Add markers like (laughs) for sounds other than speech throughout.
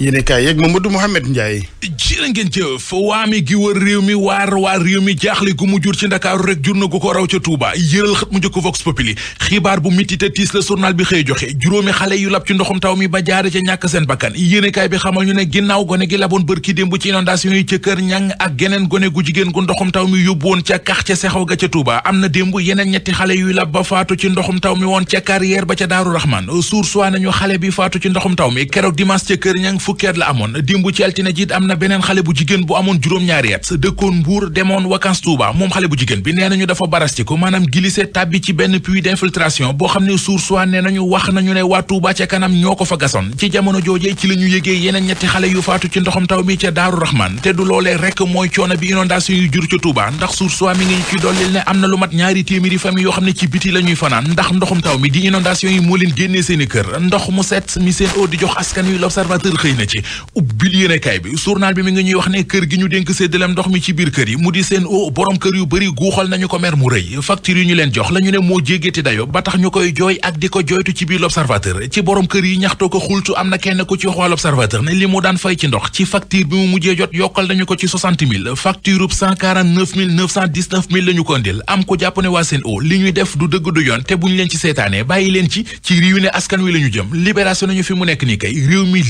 yéen kaay yeeg Mamadou Mouhamed Ndiaye. jërë ngeen jëf waami gi wër réew mi waar waar réew mi jaaxle gu mu jur ci ndakaaru rek jur na gu ko raw ca Touba yëral xët mu njëkk Vox Populi xibaar bu mitti te tiis la journal bi xëy joxe juróomi xale yu lab ci ndoxum taw mi ba jaare ca ñàkk seen bakkan yéen kaay bi xamal ñu ne ginnaaw gone gi laboon bërki démb ci inondation yi ca kër ñàng ak geneen gone gu jigéen gu ndoxum taw mi yóbbu woon ca kax ca sexaw ga ca Touba am na démb yeneen ñetti xale yu lab ba faatu ci ndoxum taw mi woon ca carrière ba ca Daaru Rahman source waa nañu xale bi faatu ci ndoxum taw mi keroog dimanche ca kër fukki at la amoon dimbu ci altine jiit am na beneen xale bu jigéen bu amoon juróom-ñaari at dëkkoon Mbuur demoon vacances Touba moom xale bu jigéen bi nee nañu dafa barastiku maanaam glissé tàbbi ci benn puits d'infiltration boo xam ne suur soit nee nañu wax nañu ne waa Touba ca kanam ñoo ko fa gasoon ci jamono joojee ci la ñu yégee yeneen ñetti xale yu faatu ci ndoxam taw mi ca Daaru Rahman te du loolee rekk mooy coono bi inondation yu jur ca ndax suur soit mi ngi na lu mat ñaari téeméeri famille yoo xam ne ci biti la ñuy fanaan ndax ndoxum taw mi di inondation yi moo leen génnee seeni kër ndox mu set mi seen di jox askan wi l'observateur xëy na ci ubbil yéenekaay bi journal bi mi ngi ñuy wax ne kër gi ñu dénk séddaleem ndox mi ci biir kër yi mu di seen o borom kër yu bëri guuxal nañu ko mer mu rëy facture yi ñu leen jox la ñu ne moo jéggeeti dayo ba tax ñu koy jooy ak di ko jooytu ci biir l'observateur ci borom kër yi ñaxtoo ko xultu am na kenn ku daan fay ci ndox ci ko ci 60 000 facture ub 149 919 000 ko ndil am ko jàpp ne waa seen o li ñuy def du dëgg du yoon te buñ leen ci seetaanee bàyyi leen ci ci wi la ñu jëm libération nañu fi mu nekk nii kay réew mi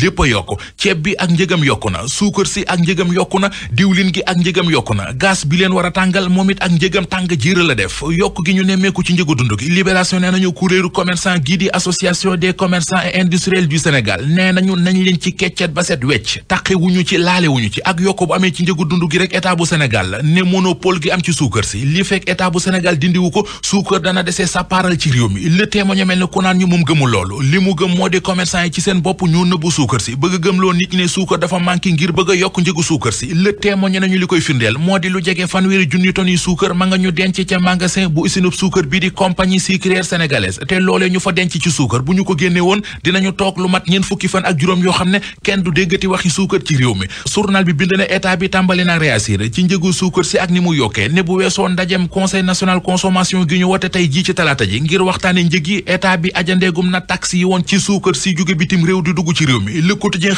ceeb bi ak njëgam yokku na suukar si ak njëgam yokk na diwlin gi ak njëgam yokk na gaz bi leen war a tàngal moom it ak njëgam tàng jiira a def yokk gi ñu nemmeeku ci njëgu dund gi libération nee nañu kuréelu commerçant gii di association des commerçants et industriels du Sénégal nee nañu nañ leen ci keccet ba set wecc taqe wuñu ci laalewuñu wuñu ci ak yokk bu amee ci njëgu dund gi rek état bu Sénégal ne monopole gi am ci suukar si li fekk état bu Sénégal dindiwu ko suukar dana desee sàppaaral ci réew mi le témoignage mel ne ku naan ñu moom gëmul loolu li mu gëm moo di commerçant yi ci seen bopp ñoo nëbbu suukar gëmloo nit ñi ne suukar dafa manqué ngir bëgg yokk njëgu suukar si le témoigné nañu li koy firndeel moo di lu jege fan fanweeri junni tonnes yi suukar ma nga ñu denc ca magasin bu isinub suukar bi di compagnie sucrière sénégalaise te loolee ñu fa denc ci suukar bu ñu ko génne woon dinañu toog lu mat ñeen fukki fan ak juróom yoo xam ne kenn du déggati waxi suukar ci réew mi journal bi bind na état bi tàmbali na réagir ci njëgu suukar si ak ni muy yokkee ne bu weesoo ndajem conseil national consommation gi ñu wote tey jii ci talaata ji ngir waxtaane njëg yi état bi ajandeegum na taxe yi woon ci suukar si jóge bitim réew di dugg ci réew mi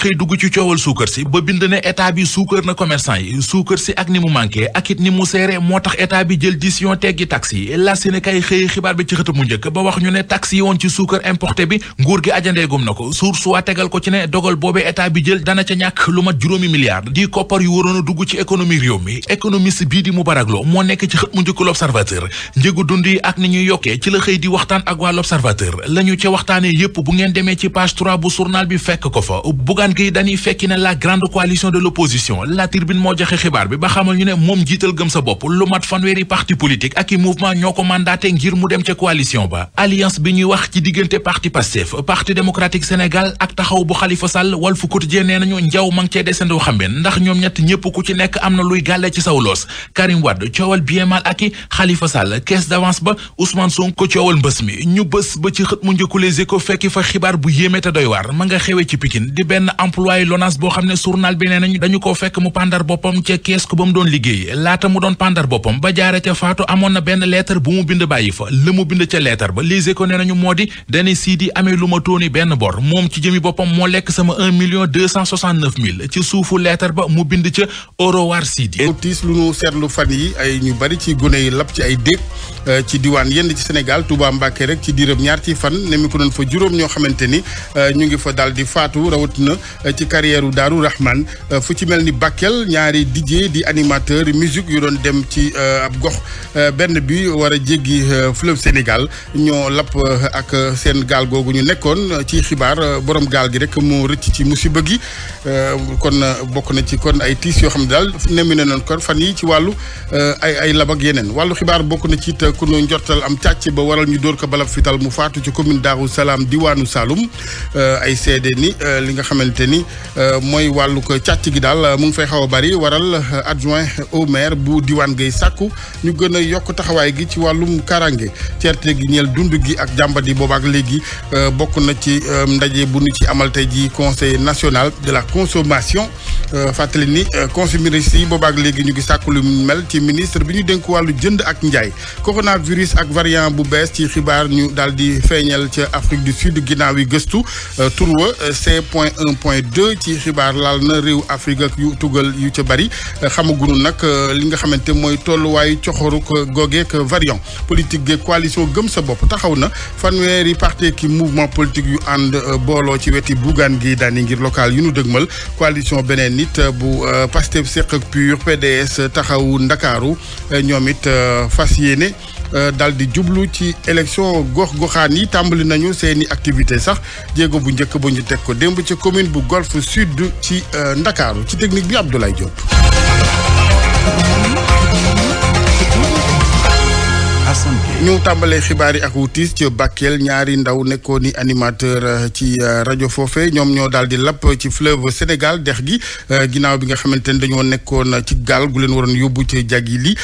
xëy dugg ci coowal suukar si ba bind ne état bi suukar na commerçant yi suukar si ak ni mu manqué ak it ni mu seere moo tax état bi jël décision teggi taxe yi la sine kay xëy xibaar bi ci xët mu njëkk ba wax ñu ne taxe yi woon ci suukar importé bi nguur gi ajandeegum na ko suur suwaa tegal ko ci ne dogal boobee état bi jël dana ca ñàkk lu mat juróomi milliard di koppar yu waroon a dugg ci économie réew mi bii di Moubarack Lô moo nekk ci Bougane Gueye Dany fekki na la grande coalition de l'opposition la tribune moo joxe xibaar bi ba xamal ñu ne moom jiital gëm sa bopp lu mat fanweeri parti politique ak i mouvement ñoo ko mandaté ngir mu dem ca coalition ba alliance bi ñuy wax ci diggante parti Pastef parti démocratique Sénégal ak taxaw bu Khalifa Sall Walf Quotidien nee nañu njaw ma ngi cee ndax ñoom ñett ñëpp ku ci nekk am na luy gàlle ci saw loos coowal biemal ak i Khalifa Sall benn employé boo xam ne journal bi nee nañu dañu ko fekk mu pandar boppam ca kees ku ba mu doon liggéey laata mu doon pandar boppam ba jaare ca faatu amoon na benn lettre bu mu bind bàyyi fa la mu bind ca lettre ba lise ko nee nañu moo di dane sii di amee lu ma tóoni benn bor moom ci jëmi boppam moo lekk sama un million deux cent soixante-neuf mille ci suufu lettre ba mu bind ca euro war siidi tiis lu nu seetlu fan yi ay ñu bari ci gune yi lap ci ay déeg euh, ci diwaan yenn ci Sénégal Touba Mbacké rek ci diiram ñaar ci fan ne mi fa juróom ñoo xamante ni euh, ñu ngi fa daal di faatu rawatina Euh, ci carrière u Daaru Rahman euh, fu ci mel ni Bakel ñaari DJ di animateur musique yu doon dem ci euh, ab gox benn bi war a jéggi fleuve Sénégal ñoo lapp ak seen gaal googu ñu nekkoon ci xibaar borom gaal gi rek moo rëcc ci musiba gi kon bokk na ci kon ay tiis yoo xam ne daal nemmi ne noon kon fan yi ci wàllu ay ay yeneen wàllu xibaar bokk na ci it ku ñu njortal am càcc ba waral ñu dóor ko balab fital mu faatu ci commune Daaru Salaam diwaanu saalum ay seede xamante ni euh, mooy wàllu ko càcc gi daal mu ngi fay xaw a bari waral euh, adjoint au maire bu diwaan gay sàkku ñu gën yokk taxawaay gi ci wàllum karange certe gi ñeel dund gi ak jàmbat yi boobaak léegi euh, bokk na ci ndaje bu ñu ci amal tey ji conseil national de la consommation fàttali ni consuméristes si boobaak léegi ñu ngi sàkku lu mel ci ministre bi ñu dénk wàllu jënd ak njaay coronavirus ak variant bu bees ci xibaar ñu daal di feeñal ca Afrique du Sud ginnaaw yi gëstu turwa point 2 ci xibaar laal na réew Afrique yu tugal yu ca bari xamagunu nag euh, li nga xamante mooy tolluwaayu coxoruk euh, googeek variant politique ge coalition gëm sa bopp taxaw na fanweeri parti ki mouvement politique yu ànd euh, booloo ci weti Bougane Guèye Dany ngir local yu nu dëgmal coalition beneen nit bu Pastef Seq ak PUR PDS taxawu Ndakaaru ñoom it fas yéene Euh, daal di jublu ci élection gox-goxaan yi tàmbali nañu seen i activité sax jéego bu njëkk bu ñu teg ko démb ci commune bu Golf Sud ci euh, Ndakaaru ci technique bi Abdoulaye Diop. ñu tàmbalee xibaar yi ak wutis ci Bakel ñaari ndaw nekkoon ni animateur euh, ci euh, rajo foofe ñoom ñoo daal di lapp ci fleuve Sénégal dex gi euh, ginnaaw bi nga xamante ne dañoo nekkoon ci gaal gu leen waroon yóbbu ci jaggi li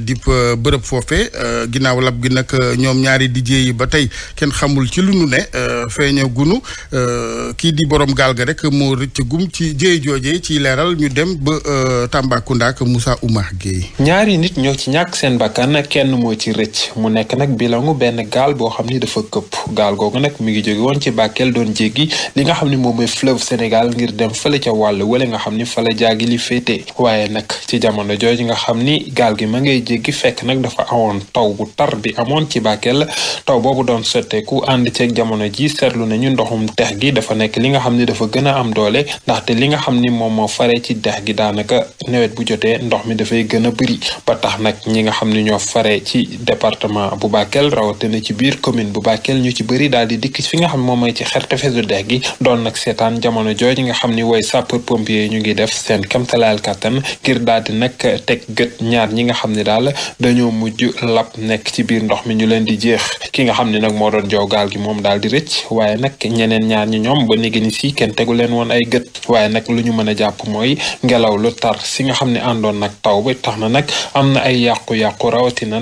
di bërëb foofe ginnaaw lapp gi nag ñoom ñaari dijee yi ba tey kenn xamul ci lu nu ne feeña gunu kii di boroom gaal ga rek moo rëcc gum ci jéey joojee ci leeral ñu dem ba Tambacounda ak Moussa Oumar Gueye ñaari rëcc mu nekk nag bilangu benn gaal boo xam ni dafa këpp gaal googu nag mi ngi jóge woon ci Bakel doon jéggi li nga xam ni moom mooy fleuve Sénégal ngir dem fële ca wàll wala nga xam ni fa la jaagi li féete waaye nag ci jamono jooju nga xam ni gaal gi ma ngay jéggi fekk nag dafa awoon taw bu tar bi amoon ci Bakel taw boobu doon sotteeku ànd ceeg jamono ji seetlu nañu ndoxum dex gi dafa nekk li nga xam ni dafa gën a am doole ndaxte li nga xam ni moom moo fare ci dex gi daanaka nawet bu jotee ndox mi dafay gën a ba tax nag ñi nga xam ni ñoo fare ci département bu Bakel rawatina ci biir commune bu Bakel ñu ci bëri daal di dikk fi nga xam moom mooy ci xer tefesu dex gi doon nag seetaan jamono jooju nga xam ni way sapeur pompier ñu ngi def seen kamtalaal kàttan ngir daal nag teg gët ñaar ñi nga xam ne daal dañoo mujj lab nekk ci biir ndox mi ñu leen di jeex ki nga xam ne nag moo doon jow gi moom daal di rëcc waaye nag ñeneen ñaar ñi ñoom ba négé ni si kenn tegu leen woon ay gët waaye nag lu ñu mën a jàpp mooy ngelaw lu tar si nga xam ne àndoon nag taw ba tax na nag am na ay yàqu-yàqu rawatina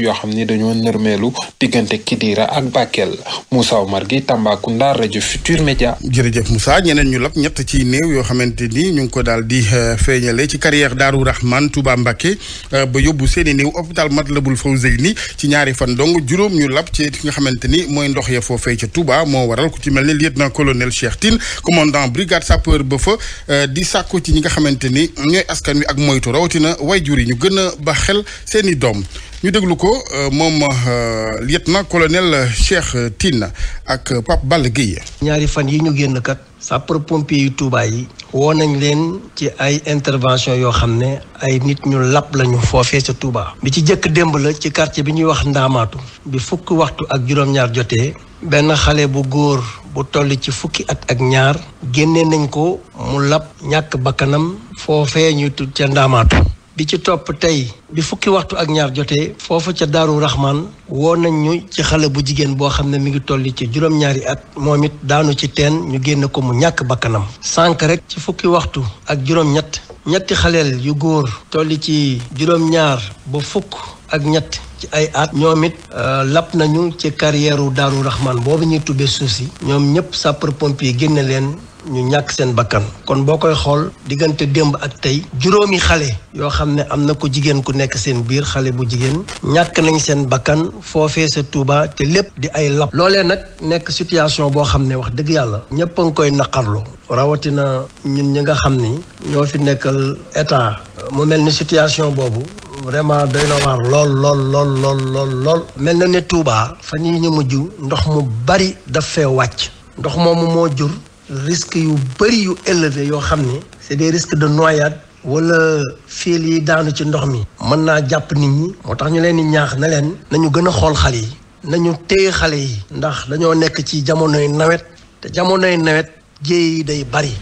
yoo xam ni dañoo nërmeelu diggante Kidira ak Bakel Moussa Omar Gueye Tambacounda rajo Futur Média. jërëjëf Moussa ñeneen ñu lab ñett ci néew yoo xamante ni ñu ngi ko daal di euh, feeñale ci carrière Daaru Rahman Touba Mbacké euh, ba yóbbu seen i néew hôpital Matlaboul Fawzeyni ci ñaari fan dong juróom ñu lap ci nga xamante ni mooy ndox ya foofee ca tubaa moo waral ku ci mel ni na colonel Cheikh Tine commandant brigade sapeur ba fa euh, di sàkku ci ñi nga xamante ni ñooy askan wi ak moytu rawatina way yi ñu gën a ba xel seeni doom ñu déglu ko euh, moom euh, lieutenant colonel Cheikh na ak euh, Pape Ball Guèye. ñaari fan yi ñu génn kat sapeur pompier yu Touba yi. woo nañ leen ci ay intervention yoo xam ne ay nit ñu lap lañu foofee ca Touba. bi ci jëkk démb la ci quartier bi ñuy wax Ndaamaatu. bi fukki waxtu ak juróom-ñaar jotee. benn xale bu góor bu toll ci fukki at ak ñaar. génnee nañ ko mu lap ñàkk bakkanam foofee ñu tudd ca Ndaamaatu. bi ci topp tey bi fukki waxtu ak ñaar jotee foofa ca Daaru Rahman woo nañ ñu ci xale bu jigéen boo xam ne mi ngi tolli ci juróom-ñaari at moom it daanu ci teen ñu génn ko mu ñàkk bakkanam sànq rek ci fukki waxtu ak juróom-ñett ñetti xaleel yu góor tolli ci juróom-ñaar ba fukk ak ñett ci ay at ñoom it euh, lapp nañu ci carrière Daaru Rahman boobu ñuy tubbee suuf si ñoom ñëpp sapeur yi génne leen ñu ñàkk seen bakkan kon boo koy xool diggante démb ak tey juróomi xale yoo xam ne am na ko jigéen ku nekk seen biir xale bu jigéen ñàkk nañ seen bakkan foofee sa Touba te lépp di ay lab loolee nag nekk situation boo xam ne wax dëgg yàlla ñëpp a koy naqarlu rawatina ñun ñi nga xam ni ñoo fi nekkal état mu mel ni situation boobu vraiment doy na waar lool lool lool lool mel na ne Touba fan yi ñu mujj ndox mu bari daf fee wàcc ndox moomu moo jur risques yu bëri yu élevé yoo xam ne c'est des risques de noyade wala fiil yi daanu ci ndox mi mën naa jàpp nit ñi moo tax ñu leen di ñaax na leen nañu gën a xool xale yi nañu téye xale yi ndax dañoo nekk ci jamonoy nawet te jamonoy nawet jéey yi day bëri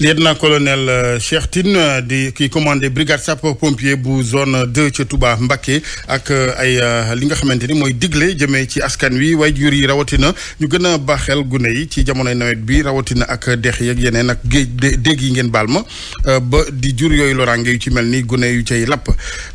lieutenant colonel euh, Cheikh Tine euh, di ki commandé brigade sapeur pompier bu zone 2 ca Touba Mbacké ak euh, ay li nga xamante ni mooy digle jëmee ci askan wi way jur yi rawatina ñu gën a baaxel gune yi ci jamonoy nawet bi rawatina ak dex yeeg yeneen ak géej dégg yi ngeen baal ma ba di jur yooyu loraange yu ci mel ni gune yu cay lapp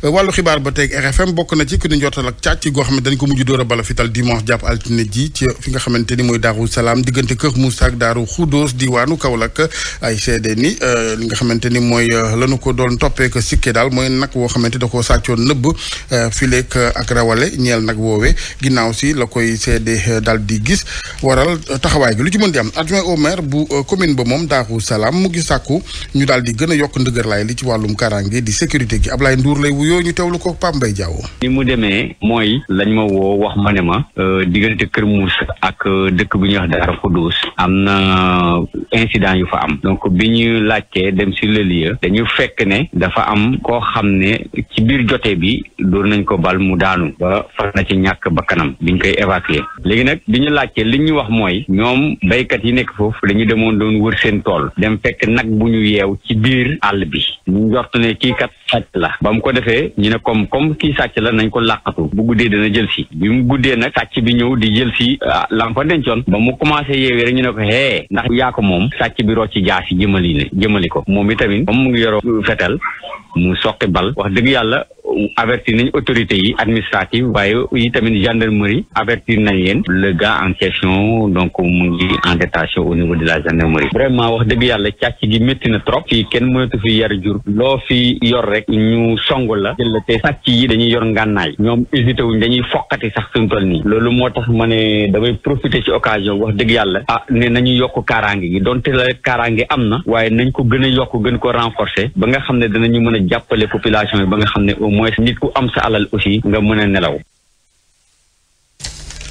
wàllu xibaar ba teg RFM bokk na ci ku ñu njortal ak càcc goo xam ne dañ ko mujj dóor a bala fital dimanche jàpp altine ji ci fi nga xamante ni mooy Daaru Salaam diggante Kër Moussa ak Daaru Xudóos diwaanu Kaolack ay seede ni euh, li nga xamante ni mooy euh, lanu ko doon toppee ko daal mooy nag woo xamante da koo sàccoon nëbb euh, fileek ak rawale ñeel nag woowee ginnaaw si la koy seede daal di gis waral taxawaay bi lu ci mën di am adjoint au maire bu commune ba moom Daaru Salaam mu gis sàkku ñu daal di gën a yokk laay li ci wàllum kaaraange di sécurité gi Ablaye Ndour lay wuyoo ñu teewlu ko Pape bay Diaw ni mu demee mooy lañ ma woo wax ma ne ma diggante Kër Moussa ak dëkk bu ñuy wax bi ñu laajtee dem si le lieu dañu fekk ne dafa am koo xam ne ci biir jote bi dóor nañ ko bal mu daanu ba far na ci ñàkk bakkanam biñ koy évacuer léegi nag bi ñu laajtee li ñu wax mooy ñoom béykat yi nekk foofu dañu demoon doon wër seen tool dem fekk nag bu ñu yeew ci biir àll bi ñu njort ne kiikat kat sàcc la ba mu ko defee ñu ne comme comme kii sàcc la nañ ko làqatu bu guddee dana jël si bi mu guddee nag sàcc bi ñëw di jël si ah, lam dencoon ba mu commencé jëmali ne jëmali ko moom itamit moom mu ngi yoroo fetal mu soqi bal wax dëgg yàlla avertir nañ autorité yi administrative waaye yi tamit gendarmerie avertir nañ leen le gars en question donc mu ngi en détention au niveau de la gendarmerie vraiment wax dëgg yàlla càcc gi métti na trop fii kenn mënatu fi yar jur loo fi yor rek ñu song la jël la te sàcc yi dañuy yor ngànnaay ñoom hésité wuñ dañuy fokkati sax suñ toll nii loolu moo tax ma ne damay profiter ci occasion wax dëgg yàlla ah ne nañu yokk kaaraange gi donte la kaaraange am na a a mooy nit ku am sa aussi nga mën a nelaw.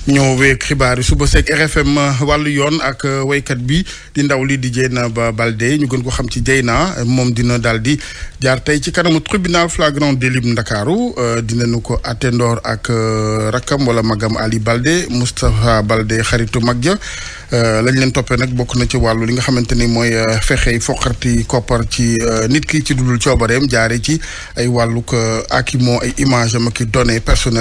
ñoo weeg xibaar yu suba seeg RFM euh, wàllu yoon ak euh, waykat bi di ndaw li di Dieynaba Baldé ñu gën ko xam ci Dieyna moom dina daal di jaar tey ci kanamu tribunal flagrant délit Ndakaaru euh, dinañu ko attendoor ak rakkam wala magam Ali Baldé Moustapha Baldé xaritu mag ja Euh, lañ leen toppee nag bokk na ci wàllu li nga xamante ni mooy euh, fexey foqarti koppar ci euh, nit ki ci dudul coobareem jaare ci ay wàllug moo ay image am ak données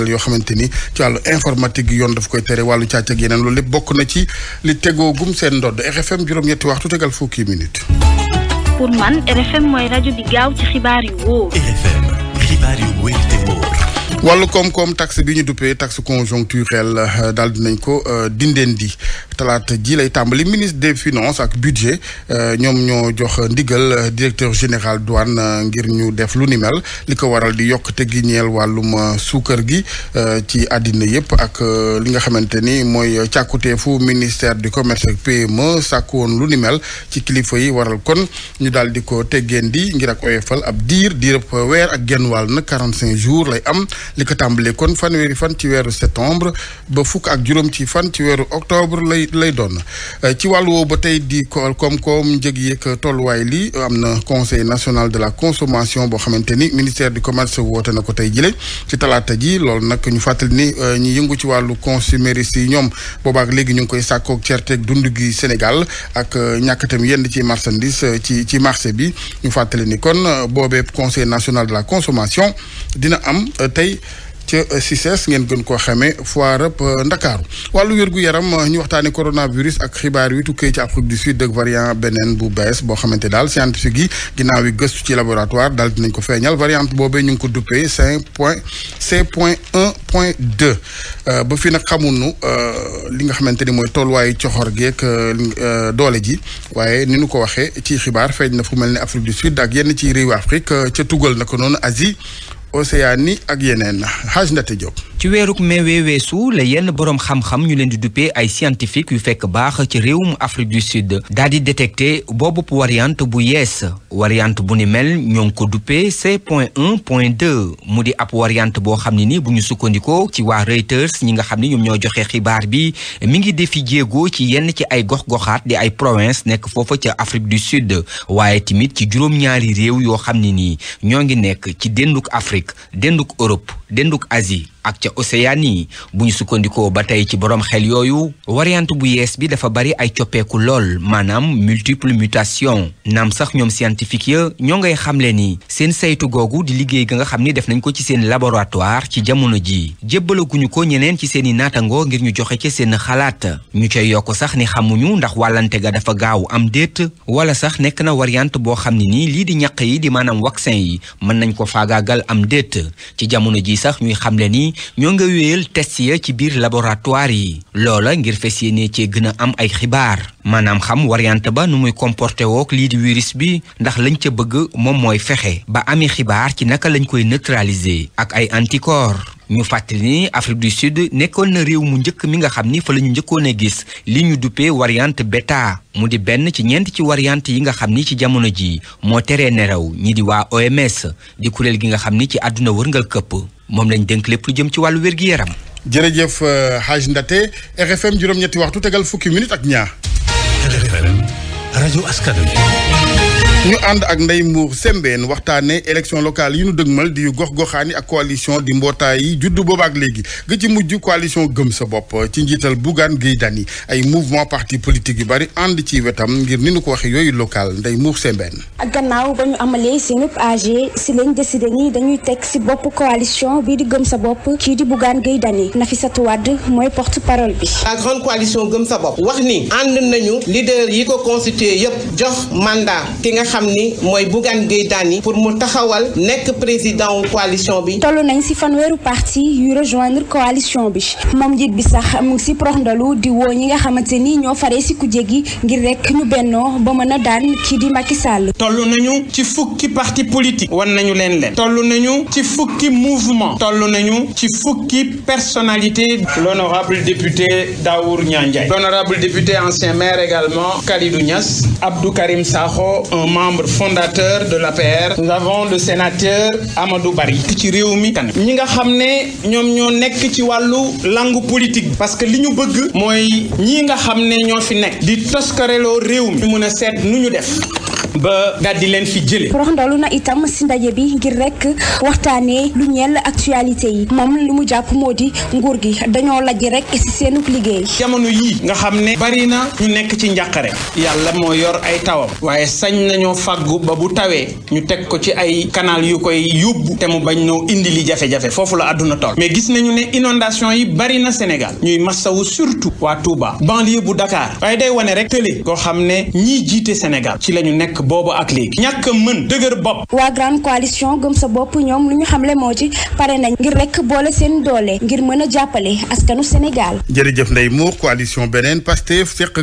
yoo xamante ni ci wàllu informatique yoon daf koy tere wàllu càcc ak yeneen loolu lépp bokk na ci li tegoogum seen ndodd RFM juróom-ñetti waxtu tegal fukki minute pour bi gaaw ci xibaar wàllu koom-koom taxe bi ñu duppee taxe conjoncturelle daal nañ ko dindeen di talaata ji lay tàmbali ministre des finance ak budget euh, ñoom ñoo jox ndigal euh, directeur général douane euh, ngir ñu def lu ni li ko waral di yokkute gi ñeel wàllum suukar gi ci àddina yépp ak li nga xamante ni mooy càkkuteefu ministère du commerce ak PME sàkkuwoon lu ni ci kilifa yi waral kon ñu daal di ko teggeen di ngir ak oyofal ab diir diir weer ak genn wàll nag cinq jours lay am li ko tàmbalee kon fanweeri fan ci weeru septembre ba fukk ak juróom fan ci weeru octobre lay lay lay doon euh, ci wàllu woowu ba tey di koom-koom njëg yeeg tolluwaay lii am na conseil national de la consommation boo xamante ni ministère du commerce woote na ko tey jële ci talaata ji loolu nag ñu fàttali ni euh, ñu yëngu ci wàllu consumériste yi ñoom boobaak léegi ñu ngi koy sàkkoog certeeg dund gi Sénégal ak euh, ñàkkatam yenn ci marchandise ci ci marché bi ñu fàttali ni kon boobee conseil national de la consommation dina am tey ca CICES ngeen gën koo xamee foire euh, Ndakaaru wàllu wér-gu-yaram euh, ñu waxtaanee coronavirus ak xibaar yi tukkee ci Afrique du Sud ak variant beneen bu bees boo xamante daal scientifique yi ginnaaw yi gëstu ci laboratoire daal dinañ ko feeñal variante boobee ñu ngi ko duppee cinq point c point un point deux euh, ba fii nag xamunu li nga xamante ni mooy tolluwaayu coxor geek doole ji waaye ni ñu ko waxee ci xibaar feeñ na fu mel ni Afrique du Sud ak yenn ci réewu Afrique ca tugal na ko noonu Asie Océanie ak yeneen Hadj Ndate jok ci weeruk mai wee weesu la yenn boroom xam-xam ñu leen di duppee ay scientifique yu fekk baax ca ci réewum Afrique du Sud daal di détecté boobu variante bu yees variante bu ni mel ñoo ngi ko duppee C point 1 point 2 mu di ab variante boo xam ne nii bu ñu sukkandikoo ci waa Reuters ñi nga xam ne ñoom ñoo joxe xibaar bi mi ngi defi jéego ci yenn ci ay gox-goxaat di ay province nekk foofa ca Afrique du Sud waaye tamit ci juróom-ñaari réew yoo xam ne nii ñoo ngi nekk ci denduk Afrique denduk Europe denduk asi ak ca yi bu ñu sukkandikoo ba tey ci boroom xel yooyu variante bu yees bi dafa bari ay coppeeku lool maanaam multiple mutation naam sax ñoom scientifique ya ñoo ngay xamle ni seen saytu googu di liggéey ga nga xam ni def nañ ko ci seen laboratoire ci jamono ji jébbalaguñu ko ñeneen ci seeni naatangoo ngir ñu joxe ca seen xalaat ñu ca yokk sax ni xamuñu ndax wàllante ga dafa gaaw am déet wala sax nekk na variante boo xam ne nii lii di ñaq yi di maanaam vaccin yi mën nañ ko faagaagal am déet ci jamono ji sax ñuy xamle nii ñoo nga wéyal test ya ci biir laboratoire yi loola ngir fes yéene cee gën a am ay xibaar maanaam xam variante ba nu muy comporté wook lii di virus bi ndax lañ ca bëgg moom mooy fexe ba ami xibaar ci naka lañ koy neutraliser ak ay anticorps ñu fàttali ni Afrique du Sud nekkoon na réew mu njëkk mi nga xam ni fa la ñu njëkkoon a gis li ñu duppee variante betaa mu di benn ci ñeent ci variante yi nga xam ni ci jamono ji moo teree neraw ñi di waa OMS di kuréel gi nga xam ni ci àdduna wërngal këpp moom lañ dënk lépp lu jëm ci wàllu wér-gi-yaram. jërëjëf euh, Hadj Ndate RFM juróom-ñetti waxtu tegal fukki minute ak ñaar. rajo askan wi ñu ànd ak Ndeye Mbour Sembène waxtaanee élection locale yi ñu dëgmal di gox-goxaan yi ak coalition di mbootaay yi juddu boobaak léegi nga ci mujj coalition gëm sa bopp ci njiital Bougane Gueye Dany ay mouvement parti politique yu bari ànd ci wetam ngir ni ñu ko waxee yooyu local Ndeye Mbour Sembène. ak gannaaw ba ñu amalee seen AG si lañ décidé ni dañuy teg si bopp coalition bii di gëm sa bopp kii di Bougane Gueye Dany Nafissatou Wade mooy porte parole bi. la grande coalition gëm sa bopp wax ni yi ko constitué yëpp jox mandat xam ni mooy Bougane Gueye Dany pour mu taxawal nekk président coalition bi. toll nañ si fanweeru parti yu rejoindre coalition bi moom njiit bi sax mu ngi si proxndalu di woo ñi nga xamante ni ñoo faree si kuje gi ngir rek ñu bennoo ba mën a daan kii di Macky Sall. toll nañu ci fukki parti politique wan nañu leen leen. toll nañu ci fukki mouvement. toll nañu ci fukki personnalité. l'honorable député Daour Niang Ndiaye. l'honorable député ancien maire également Kalidou Niass. Abdou Karim Sakho un membre fondateur de l'APR nous avons le sénateur Amadou Barry ci réew mi kan ñi nga xam ne ñoom ñoo nekk ci wàllu langue politique parce que li ñu bëgg mooy ñi nga xam ne ñoo fi nekk di toskareloo réew mi mun a seet nu ñu def ba daal di leen fi jëlee. rox ndolu na itam si ndaje bi ngir rek waxtaanee lu ñeel actualité yi moom li mu jàpp moo di nguur gi dañoo laj rek si seenug liggéey. jamono yii nga xam ne bari na ñu nekk ci njàqare yàlla moo yor ay tawam waaye sañ nañoo fàggu ba bu tawee ñu teg ko ci ay canal yu koy yóbbu te mu bañ noo indi li jafe-jafe foofu la àdduna toll mais gis nañu ne inondation yi bari na Sénégal ñuy wu surtout waa Touba banlieue bu dakaar waaye day wane rek tële koo xam ne ñii jiite Sénégal ci lañu nekk nekk boobu ak léegi ñàkk mën dëgër bopp waa grande coalition gëm sa bopp ñoom lu ñu xamle moo ci pare nañ ngir rek boole seen doole ngir mën a jàppale askanu Sénégal jërëjëf Ndeye Mour coalition beneen Pastef seq ka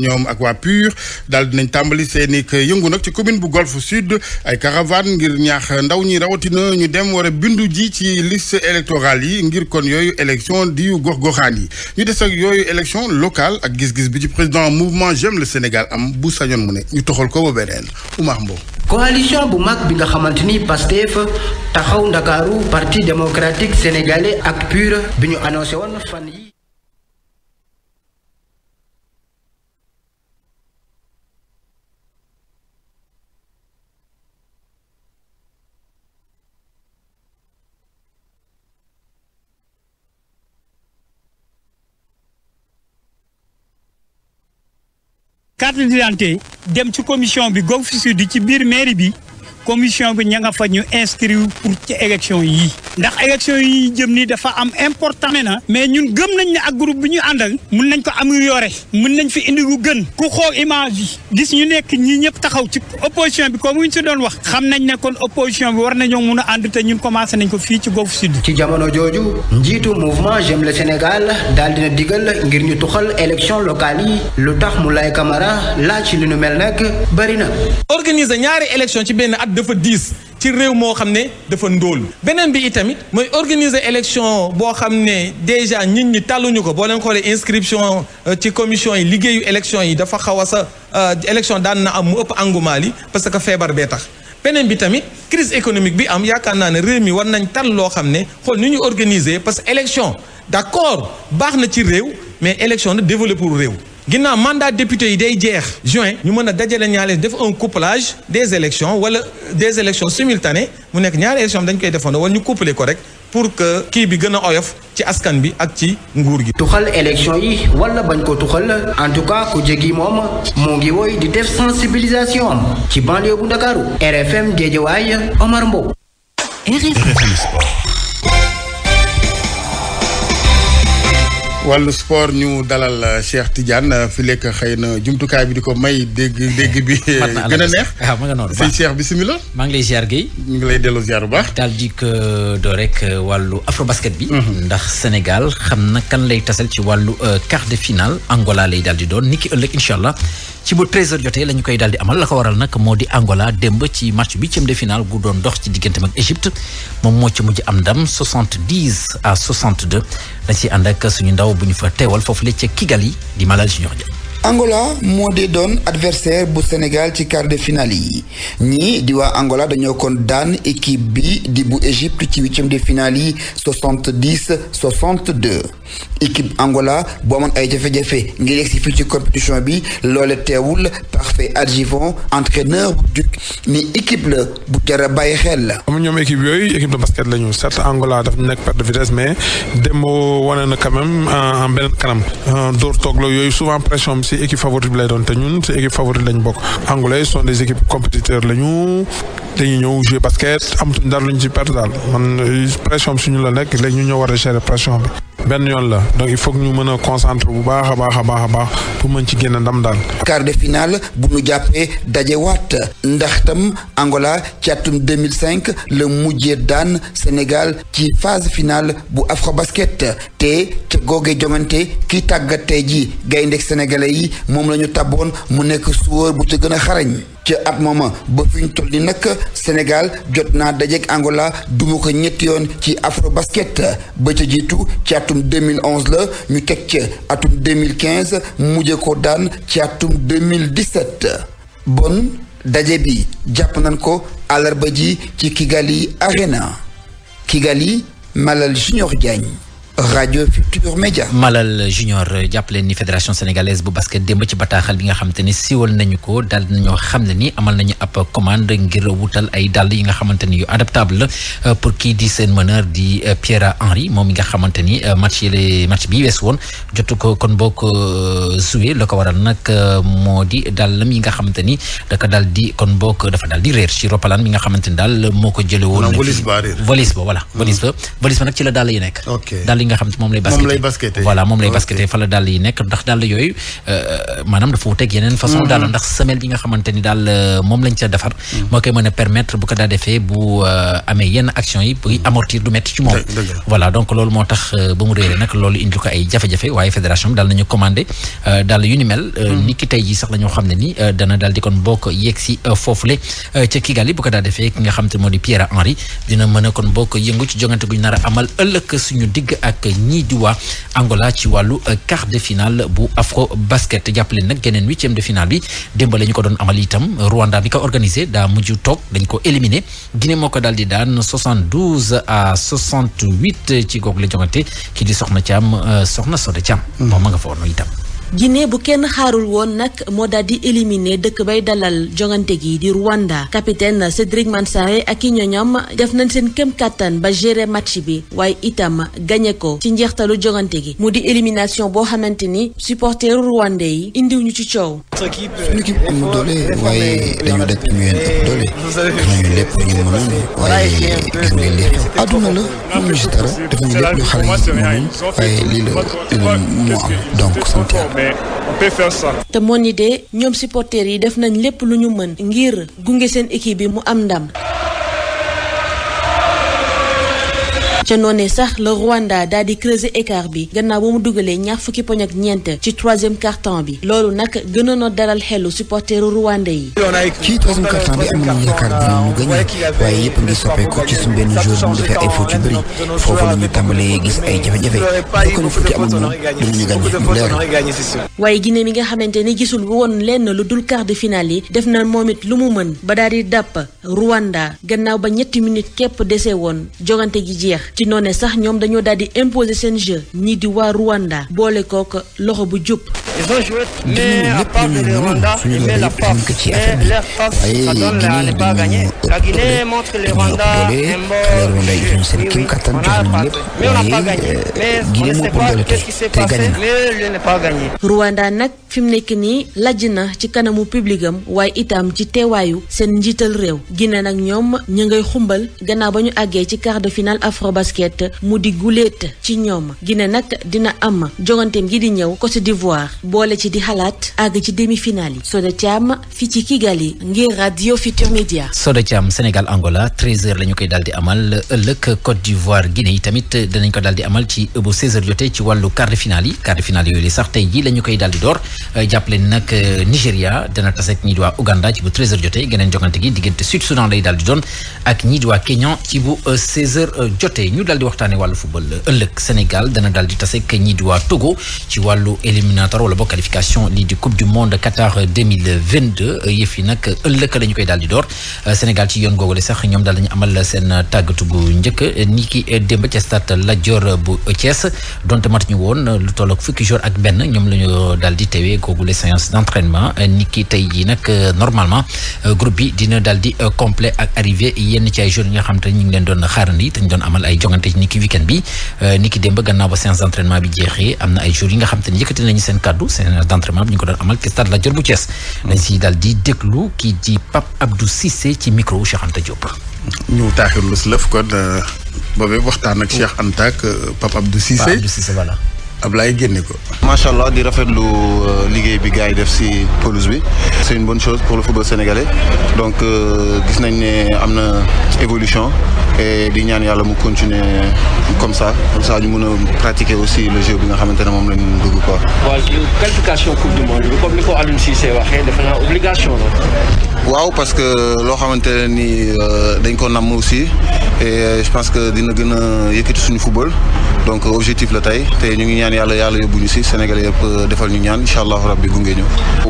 ñoom ak waa PUR daal dinañ tàmbali seen i yëngu nag ci commune bu Golf Sud ay caravane ngir ñaax ndaw ñi rawatina ñu dem war a bindu ji ci liste électorale yi ngir kon yooyu élection di yu gox goxaan yi ñu des ak yooyu élection locale ak gis-gis bi ci président mouvement J'aime le Sénégal am bu sañoon mu ne ñu toxal ko ba beneen Oumar Mbow coalition bu mag bi nga xamante ni Pastef taxaw Ndakaaru parti démocratique sénégalais ak PUR bi ñu annoncé woon fan yi carte d'identité dem ci commission bi Golf Sud ci biir mairie bi commission bi ña nga fa ñu inscrire pour ci élection yi ndax élection yi jëm ni dafa am important na mais ñun gëm nañ ne ak groupe bi ñu àndal mun nañ ko améliorer mun nañ fi indi lu gën ku xool image yi gis ñu nekk ñi ñëpp taxaw ci opposition bi comme ñu si doon wax xam nañ ne kon opposition bi war nañoo mun a ànd te ñun commencé nañ ko fii ci Golf Sud. ci jamono jooju njiitu mouvement J'aime le Sénégal daal dina digal ngir ñu tuxal élection locale yi lu tax Moulay Camara laaj na. organiser ñaari dafa diis ci réew moo xam ne dafa ndóol beneen bi itamit mooy organiser élection boo xam ne déjà nit ñi tàlluñu ko boo leen xoolee inscription euh, ci commission yi liggéeyu élection yi dafa xaw a sa euh, élection daan na am mu ëpp engouement li parce que feebar bee tax beneen bi tamit crise économique bi am yaakaar naa ne réew mi war nañ tal loo xam ne xool ni ñu organiser parce que élection d'accord baax na ci réew mais élection na développé pour réew ginnaaw mandat député yi day jeex juin ñu mën a dajale ñaareel def un couplage des élections wala des élections simultanées mu nekk ñaari élections dañ koy defandoo wala ñu couplé ko rek pour que kii bi gën a oyof ci askan bi ak ci nguur gi. tuxal élection yi wala bañ ko tuxal en tout cas ku jéggi moom moo ngi woy di def sensibilisation am ci banlieue bu Ndakaaru RFM Guédiawaye Omar Mbow. RFM Sport. wàllu sport ñu dalal euh, Cheikh Tidiane euh, fi lekk xëy na jumtukaay bi di ko may dégg dégg bi. (laughs) (laughs) gën a neex ah ma nga noonu baax Cheikh bisimilah. maa ngi lay ziar Guèye. ñu ngi lay delloo ziar bu baax. daal di ko doo rek euh, wàllu afrobasket bi. Mhm. ndax Sénégal xam na kan lay tasal ci wàllu quart de finale Angola lay daal di doon ni ki ëllëg incha allah ci bu 13 jotee la ñu koy daal di amal la ko waral nag moo di Angola démb ci match huitième de finale gu doon dox ci digganteem ak Égypte moom moo ci mujj am ndam 70 à 62 la ci ànd ak suñu ndaw. ndaw bu ñu fa teewal foofu la ca Kigali di Malal Junior Dia Angola moo di doon adversaire bu Sénégal ci quart de finale yi nii di waa Angola dañoo kon daan équipe bi di bu Égypte ci huitième de finale yi 70 62 équipe Angola boo amoon ay jafe-jafe ngir yegg si fii ci compétition bi loole teewul Parfait Adjivon entraîneur bu Duc ni équipe bu jar a bàyyi xel la. am ñoom équipe yooyu équipe de basket la ñu certes Angola daf nekk perte de vitesse mais demo wane na quand même euh, en beneen kanam euh, door toog la souvent pression aussi équipe favorite bi lay doon te ñun si équipe favorite lañ bokk anglais sont des équipes compétiteurs lañu ñu ñëw jouer basket amatuñ dara luñ ci perte daal man euh, pression bi suñu la nekk léegi ñu ñoo war a gérer pression bi. benn yoon la donc il foog ñu mën a concentrer bu baax a baax a baax a baax pour mën ci génn ndam daal. quart de finale bu nu jàppee dajewaat ndax tam Angola ci atum 2005 la mujjee daan Sénégal ci phase finale bu basket te ca googe jongante ki tàggat tey ji gaynde sénégalais yi moom la ñu taboon mu nekk suwóor bu ci gën a xarañ. ci at mooma ba fi ñu toll ni nag Sénégal jot naa dajeek Angola duma ko ñetti yoon ci Afrobasket ba ca jiitu ci atum 2011 la ñu teg ci atum 2015 mujje ko daan ci atum 2017 bon daje bi jàpp nañ ko àllarba ji ci Kigali Arena Kigali Malal Junior Diagne radio Futur Média. Malal Junior jàppaleen ni fédération sénégalaise bu basket démb ci bataaxal bi nga xamante ni siiwal nañu ko daal dinañoo xam ne ni amal nañu ab commande ngir wutal ay dàll yi nga xamante ni yu adaptable la euh, pour kii di seen meneur di euh, Pierre Henry moom mi nga xamante ni euh, match yi match bi wees woon jotu ko kon boo ko joué la ko waral nag moo di dal dàllam yi nga xamante ni da ko di kon boo ko dafa dal di réer ci ropalaan mi nga xamante ni daal moo ko jëlee woon. volis ba réer volis ba voilà. volis mm. ba volis ba yi nekk. nga xam moom lay. moom lay a ne ni euh, dana daal di kon bokk yegg si euh, foofule euh, ca Kigali bu ko daa defee ki nga xam te moo di Pierre Henry dina mën a kon bokk yëngu ci jongante guñ nar a amal ëllëg suñu digg ak ñii di waa Angola ci wàllu euh, quart de finale bu afro basket jàppale nag geneen huitième de finale bi démb la ko doon amal itam Rwanda bi ko organisé daa mujj toog dañ ko éliminé Guinée moo ko daal di daan 72 à 68 ci goog la jongante kii di Soxna Thiam euh, Soxna Sode caam mm. moom ma nga fa woon itam. Guinée bu kenn xaarul woon nag moo daal di éliminé dëkk bay dalal jongante gi di Rwanda capitaine Cédric Mansaré ak i ñoñam def nañ seen kem kàttan ba gérer match bi waaye itam gagné ko ci njeextalu jongante gi mu di élimination boo xamante ni supporteru rwandais yi indiw ñu ci coow. Euh, suñu équipe am na doole waaye dañu daj ñu yéen ëpp doole def nañu lépp ñu mënoon waaye gis nga lii xew àdduna la mënuñu si dara def nañu lépp lu xale yi mënoon moo am donc sant yàlla te moon idée ñoom supporters yi def nañ lépp lu ñu mën ngir gunge seen équipe bi mu am ndam ca noonee sax le Rwanda daal di creuser écart bi gannaaw ba mu dugalee ñaar fukki poñ ak ñeent ci troisième carton bi loolu nag gënoon a daral xelu supporteru Rwanda yi. ci troisième carton bi am nañu yaakaar dinañu gagné waaye yëpp ngi soppeeku ci suñu benn jour mu defee ay fautes yu bëri foofu la tàmbalee gis ay jafe-jafe bu ko fukki amul moom mi nga xamante ni gisul woon lenn lu dul quart de finale yi def na moom it lu mu mën ba daal di dàpp Rwanda gannaaw ba ñetti minutes képp dese woon jogante gi jeex. ci noone sax ñoom dañoo daal di imposer seen jeu ñii di waa Rwanda boole kook loxo bu jub. ils Rwanda nag fi nekk nii lajj na ci kanamu public waaye itam ci teewaayu seen njiital réew Guinée nag ñoom ñu ngay xumbal gannaaw ba ñu àggee ci quart de finale Afrobasket mu di guléet ci ñoom Guinée nag dina am jonganteem gi di ñëw Côte d'Ivoire boole ci di xalaat àgg ci demi-finale yi Soda Thiam fi ci Kigali ngir radio Futur Media. Soda Thiam Sénégal Angola 13h la ñu koy daal di amal ëllëg Côte d'Ivoire Guinée yi tamit danañ ko daal di amal ci bu 16 jotee ci wàllu quart de finale yi quart de finale yooyu li sax tey jii la ñu koy daal di door euh, jàppale nag euh, Nigéria dana tase ak ñii di waa Uganda ci bu 13h jotee geneen jogante gi diggante Sud Soudan doon ak ñii di waa Kenya ci bu 16h euh, jotee ñu daal di waxtaanee wàllu football ëllëg Sénégal dana daal di tase di waa Togo ci wàllu éliminatoire wala bo qualification lii di coupe du monde Qatar 2022 yëf ëllëg la ñu koy daal di door Sénégal ci yoon googule sax ñoom daal dañu amal seen tàggatu bu njëkk ni ki démb ca stade Lat Dior bu Thiès donte mat ñu woon lu toll ak fukki joor ak benn ñoom la ñu daal di teewee googule séance d'entraînement ni ki tey jii nag normalement groupe bi dina daal di complet ak arrivé yenn ci ay jeunes yi nga xam ñu ngi leen doon xaarandi te ñu doon amal ay jongante ni ki weekend bi ni na ay jours yi nga xam te ne yëkkati nañu seen kaddu séance d'entraînement bi ñu ko doon amal ci stade Lat Dior bu Thiès. dañ siy daal di déglu kii di pap Abdou Cissé ci micro Cheikh Anta Diop. ñu taaxirlu si lëf kon euh, boobee waxtaan ak oh. Cheikh Anta ak euh, Pape Abdou Cissé Pape Abdou Cissé voilà. Ablaye génne ko. macha allah di rafetlu euh, liggéey bi gars yi def si pelouse bi c'est une bonne chose pour le football sénégalais donc euh, gis nañ ne am na évolution e di ñaan yàlla mu continuer comme ça comme ça ñu mën a pratiquer aussi le jeu bi nga xamante ne moom lañ dugg quoi. waaw qualification coupe du monde bi comme ko defe naa obligation waaw parce que loo xamante ne ni euh, dañ ko namm aussi e je pense que dina gën a yëkkati suñu football. donc objectif la tey te ñu ngi ñaan yàlla yàlla yóbbu ñu si Sénégalais yëpp euh, defal ñu ñaan incha allahu rabbi gunge ñu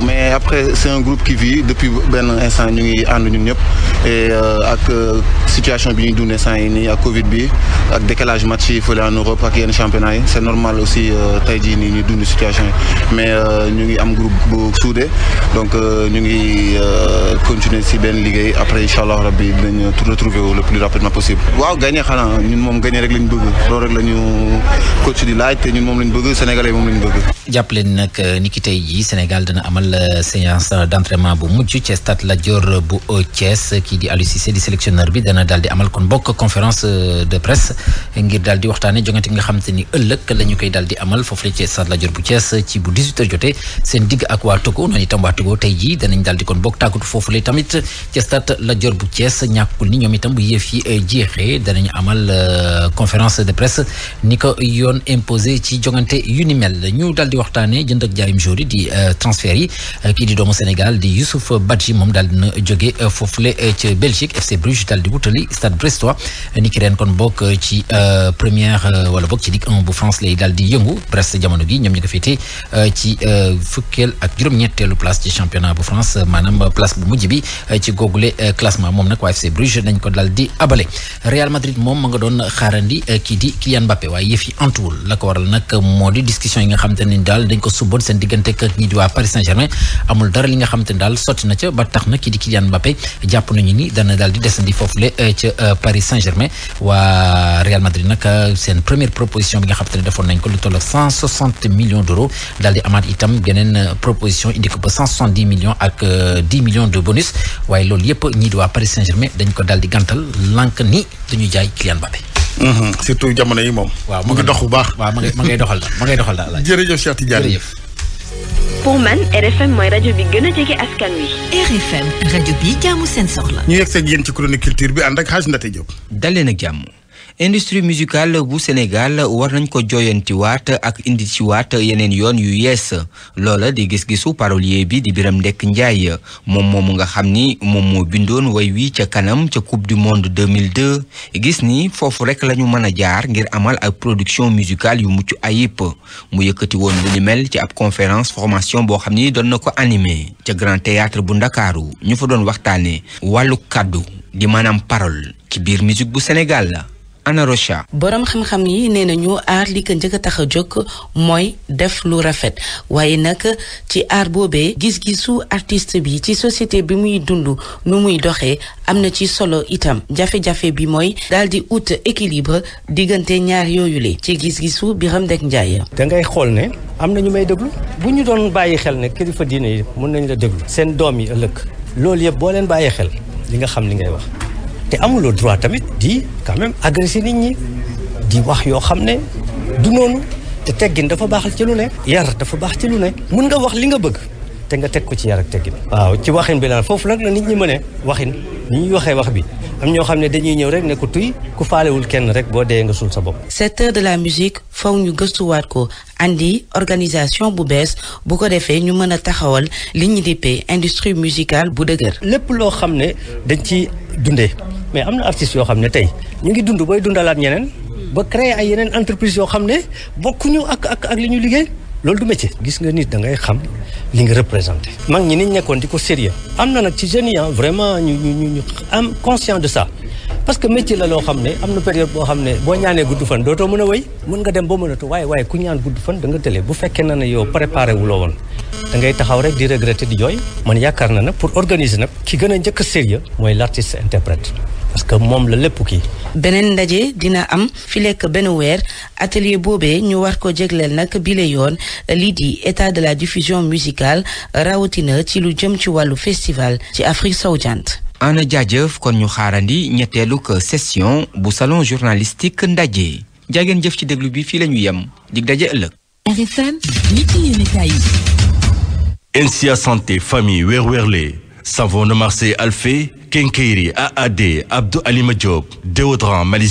mais après c' est un groupe qui vit depuis benn instant ñu ngi ànd ñun ñëpp et euh, ak euh, situation bi ñuy dund instant yi nii ak Covid bi ak décalage match yi fële en Europe ak yenn championnat yi c' est normal aussi tey jii nii ñu dund situation yi mais ñu ngi am groupe bu soudé donc ñu ngi continuer si benn liggéey après incha allahu rabbi dinañ retrouver le plus rapidement possible waaw ñun moom gagné rek lañ bëgg coach di laaj te ñun moom lañ bëgg sénégalais moom lañ bëgg. jàppale ni nag ni ki Sénégal dana amal euh, séance d' bu mujj ci stade Lat Dior bu euh, Thiès kii di Aliou Cissé di sélectionneur bi dana daal di amal kon bokk conférence euh, de presse ngir daal di waxtaanee jongante bi nga xam te ni ëllëg la koy daal di amal foofu la ci stade bu Thiès ci bu 18h seen digg ak waa Togo noonu itam waa Togo tey jii danañ daal di kon bokk tàggatu foofu la tamit ci stade Lat Dior bu Thiès ñàkkul ni ñoom itam bu yëf yi jeexee danañ amal conférence de ni ko yoon imposé ci jongante yu ni mel ñu daal di waxtaanee jënd ak jaayum jour yi di euh, transfert yi euh, kii di doomu Sénégal di Youssouf Badji moom daal dina jóge euh, foofule ca Belgique FC Bruges daal di wutali Stade Brestois ni ki ren kon bokk ci première wala bokk ci Ligue 1 bu France lay daal di yëngu Brest jamono gi ñoom ñu ko féete ci fukkeel ak juróom-ñetteelu place ci championnat bu France maanaam place bu mujj bi ci googule classement moom nag waa FC Bruges dañ ko daal di abale Real Madrid moom ma nga doon waaye yëf yi antuwul la ko waral nag moo di discussion yi nga xamante ne daal dañ ko suboon seen diggante ak ñi di Paris Saint-Germain amul dara li nga xamante ne daal sotti na ca ba tax na kii di Kylian Mbappé jàpp nañu ni dana daal di desandi foofule euh, ca euh, Paris Saint-Germain waa Real Madrid nag euh, seen première proposition bi nga xam xamante ne defoon nañ ko lu toll 160 millions d'euros daal di amaat itam geneen indi ko ba 170 millions ak 10 millions de bonus waaye loolu yëpp ñi di Paris Saint-Germain dañ ko daal di gàntal lànk ni duñu jaay Kylian Mbappé Mm-hmm. surtout jamono yi moom. waaw mu ngi dox bu baax. waaw ma ngay ma ngay doxal daal ma ngay doxal daal. jërëjëf Cheikh Tidiane jërëjëf. pour man RFM mooy rajo bi gën a jege askan wi. RFM rajo bi jaamu seen soxla. ñu yegg seeg yéen ci chronique culture bi ànd ak Hadj Ndate Diop. dalee nag jàmm. industrie musicale bu Sénégal war nañ ko jooyantiwaat ak indi ci waat yeneen yoon yu yees loola di gis-gisu parolier bi di biram ndekk Ndiaye moom moomu nga xam ni moom moo bindoon way wi ca kanam ca coupe du monde 2002 gis ni foofu rek lañu mën a jaar ngir amal ak production musicale yu mucc ayib mu yëkkati woon lu ni mel ci ab conférence formation boo xam ni doon na ko animé ca grand théâtre bu Ndakaaru ñu fa doon waxtaane wàllu kàddu di maanaam parole ci biir musique bu Sénégal Anna Rocha. borom xam-xam yi nee nañu aar li ko njëkk a tax a jóg mooy def lu rafet waaye nag ci aar boobee gis-gisu artist bi ci société bi muy dund nu muy doxee am na ci solo itam jafe-jafe bi mooy daal di ut équilibre diggante ñaar yooyule ci gis-gisu Birame Ndek Ndiaye. da ngay xool ne am na ñu may déglu bu ñu doon bàyyi xel ne kilifa diine yi mën nañ la déglu. seen doom yi ëllëg. loolu yëpp boo leen bàyyi xel li nga xam li ngay wax. te amuloo droit tamit di quand même agressé nit ñi di wax yoo xam ne du noonu te teggin dafa baax ci lu ne yar dafa baax ci lu ne mën nga wax li nga bëgg te nga teg ko ci yar ak teggin waaw ci waxin bi la foofu nag nit ñi mën ne waxin ni ñuy waxee wax bi am ñoo xam ne dañuy ñëw rek ne ku tuy ku faalewul kenn rek boo dee nga suul sa bopp. secteur de la musique faw ñu gëstuwaat ko andi organisation bu bees bu ko defee ñu mën a taxawal li ñu di dippee industrie musicale bu dëgër. lépp loo xam ne dañ ci dundee mais am na artistes yoo xam ne tey ñu ngi dund booy dundalaat ñeneen. ba créer ay yeneen entreprise yoo xam ne bokkuñu ak ak ñu liggéey. loolu du métier gis nga nit da ngay xam li nga représenté. mag ñi niñ nekkoon di ko sérieux am na nag ci jeunes yi ah, vraiment ñu ñu ñu am conscient de ça parce que métier la loo xam ne am na période boo xam ne boo ñaanee gudd fan dootoo mën a wéy mën nga dem a mënatu waaye waaye ku ñaan gudd fan da nga tële bu fekkee na ne yow préparé wu loo woon da ngay taxaw rek di regretter di jooy man yaakaar na nag pour organiser nag ki gën a njëkk a sérieux mooy l' artiste interprète parce que moom la lépp kii. beneen ndaje dina am fi lekk benn weer atelier boobee ñu war ko jégleel nag bile yoon lii di état de la diffusion musicale rawatina ci lu jëm ci wàllu festival ci Afrique sowu jant. jaajëf kon ñu xaarandi ñetteelug session bu salon journalistique ndaje. jaageen jëf ci déglu bi fii la ñu yem dig daje ëllëg. savon de Marseille Alphé Kenkeyri AAD Abdou Alima Diop déodorant Malaisie